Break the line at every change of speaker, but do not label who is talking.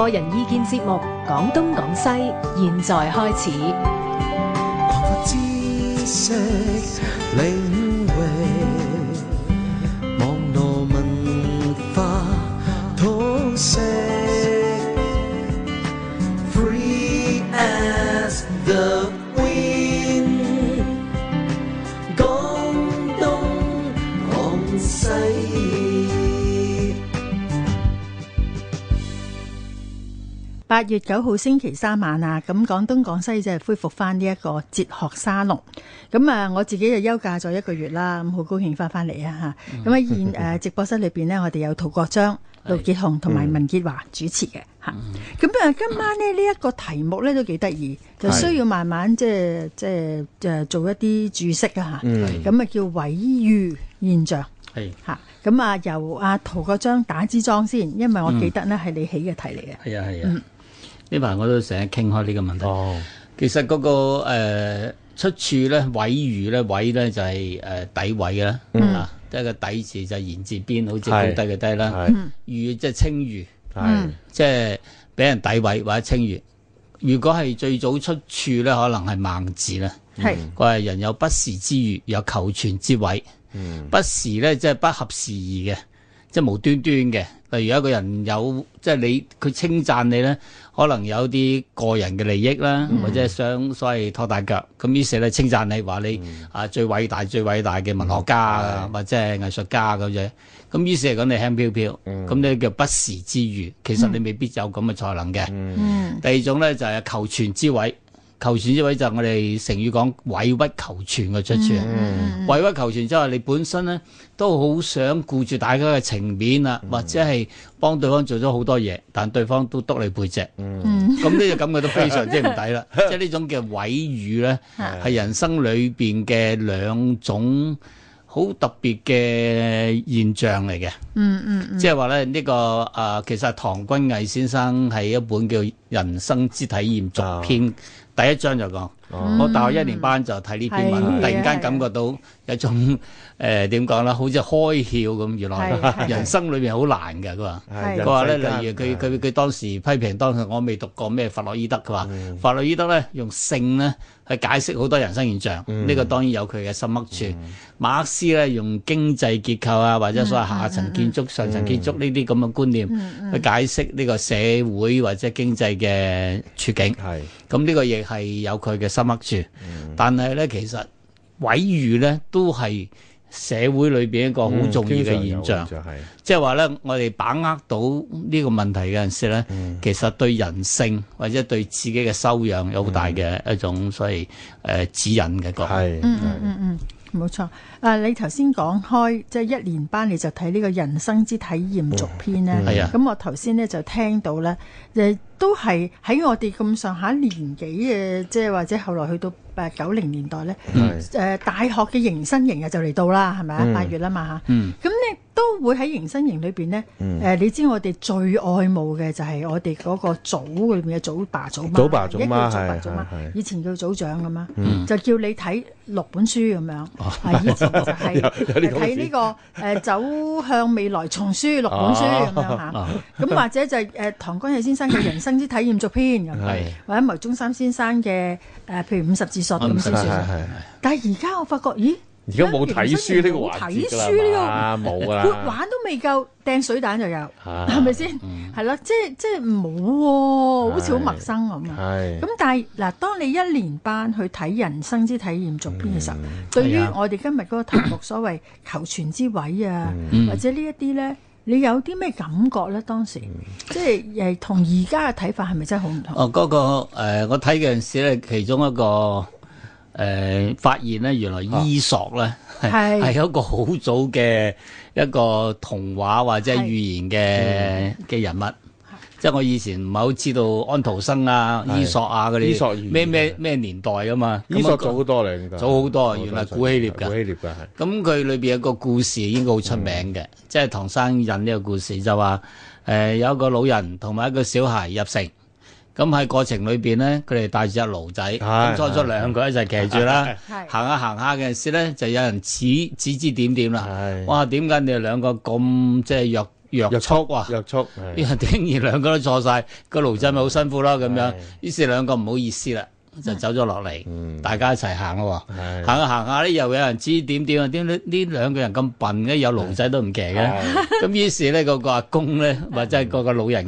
個人意見節目《講東講西》，現在開始。八月九號星期三晚啊，咁廣東廣西即係恢復翻呢一個哲學沙龍。咁啊，我自己就休假咗一個月啦，咁好高興翻翻嚟啊，咁喺現、嗯、直播室裏面呢，我哋有陶國章、盧傑雄同埋文潔華主持嘅，咁啊，今晚呢呢一、嗯這個題目咧都幾得意，就需要慢慢即係即係做一啲注釋啊，咁啊叫毀譽現象咁、嗯嗯、啊由阿陶國章打支莊先，因為我記得呢係、嗯、你起嘅題嚟嘅。
係啊係啊。呢排我都成日傾開呢個問題。Oh. 其實嗰、那個、呃、出處咧，位如咧，毀咧就係、是、誒、呃、詆毀啦，即係個詆字就言字邊，好似高低嘅低啦。Mm. 譽即係、就是、清譽，即係俾人詆毀或者清譽。Mm. 如果係最早出處咧，可能係孟子啦。佢、mm. 係人有不時之譽，有求全之毀。Mm. 不時咧即係不合時宜嘅，即、就、係、是、無端端嘅。例如一個人有即係你佢稱讚你咧，可能有啲個人嘅利益啦、嗯，或者想所謂拖大腳咁，於是咧稱讚你話你、嗯、啊最偉大最偉大嘅文學家啊、嗯，或者係藝術家咁樣，咁於是講你輕飄飄，咁、嗯、你叫不虞之譽其實你未必有咁嘅才能嘅、嗯。第二種咧就係、是、求全之毀。求全之位，就我哋成語講委屈求全嘅出處啊、mm-hmm.！委屈求全即係你本身咧都好想顧住大家嘅情面啊，mm-hmm. 或者係幫對方做咗好多嘢，但對方都篤你背脊，咁呢個感覺都非常之唔抵啦！ 即係呢種嘅委語咧，係 人生裏面嘅兩種好特別嘅現象嚟嘅。嗯、mm-hmm. 嗯、這個，即係話咧呢個其實唐君毅先生喺一本叫《人生之體驗》續篇。Oh. 第一章就講。Oh, 我大學一年班就睇呢篇文，嗯、突然間感覺到一種誒，點講咧？好似開竅咁，原來人生裏面好難嘅。佢話佢話咧，例如佢佢佢，當時批評，當時我未讀過咩，弗洛伊德，佢話弗洛伊德咧用性咧去解釋好多人生現象，呢、嗯呢個當然有佢嘅深刻處、嗯、馬克思咧用經濟結構啊，或者所謂下層建築、嗯、上層建築呢啲咁嘅觀念、嗯嗯、去解釋呢個社會或者經濟嘅處境。係咁呢個亦係有佢嘅.黙、嗯、住，但係咧，其實毀譽咧都係社會裏邊一個好重要嘅現象，即係話咧，我哋把握到呢個問題嘅陣時咧、嗯，其實對人性或者對自己嘅修養有好大嘅一種、嗯、所謂誒、呃、指引嘅一個，嗯嗯嗯。
嗯。冇錯啊！你頭先講開即係一年班，你就睇呢個人生之體驗續篇咧。係、哦、啊，咁、嗯、我頭先咧就聽到咧，誒、呃、都係喺我哋咁上下年紀嘅，即係或者後來去到誒九零年代咧，誒、嗯呃、大學嘅迎新營啊就嚟到啦，係咪啊？八月啦嘛嗯，咁、嗯、你都。會喺迎新營裏邊咧，誒、嗯呃，你知我哋最愛慕嘅就係我哋嗰個組裏面嘅組爸組媽，組爸組媽，以前叫組長咁啊、嗯，就叫你睇六本書咁樣、
啊，以前就係睇呢個
誒、呃、走向未來叢書六本書咁樣吓，咁、啊啊啊、或者就誒、是呃、唐君毅先生嘅人生之體驗續篇咁，或者牟宗三先生嘅誒、呃、譬如五十自述咁、啊，但係而家我發覺，咦？而家冇睇書呢個環節㗎啦，冇啊，沒玩都未夠，掟水彈就有，係咪先？係啦、嗯，即係即係冇喎，好似好陌生咁啊！咁但係嗱，當你一年班去睇人生之體驗續編嘅時候，對於我哋今日嗰個題目所謂求全之位啊，嗯、或者呢一啲咧，你有啲咩感覺咧？當時、嗯、即係誒同而家嘅睇法係咪真係好
唔同？哦，嗰、那個、呃、我睇嘅陣時咧，其中一個。誒、呃、發現咧，原來伊索咧、哦、係一個好早嘅一個童話或者係寓言嘅嘅人物，是嗯、即係我以前唔係好知道安徒生啊、伊索啊嗰啲，咩咩咩年代啊嘛、嗯？伊索早好多嚟，早好多，原來古希臘嘅。古希臘嘅係。咁佢裏面有個故事應該好出名嘅、嗯，即係《唐生引》呢個故事，就話、是呃、有一個老人同埋一個小孩入城。咁喺過程裏邊咧，佢哋帶住隻驢仔，咁初初兩個一齊騎住啦。行下行下嘅時咧，就有人指指指點點啦。哇，點解你哋兩個咁即係虐虐虐畜哇？虐。畜，因為竟然兩個都坐晒，個驢仔，咪好辛苦咯咁樣。於是兩個唔好意思啦，就走咗落嚟，大家一齊行咯。行下行下咧，走著走著又有人指點點啊，點呢？呢兩個人咁笨嘅，有驢仔都唔騎嘅。咁於是咧，個 個阿公咧，或者係個個老人。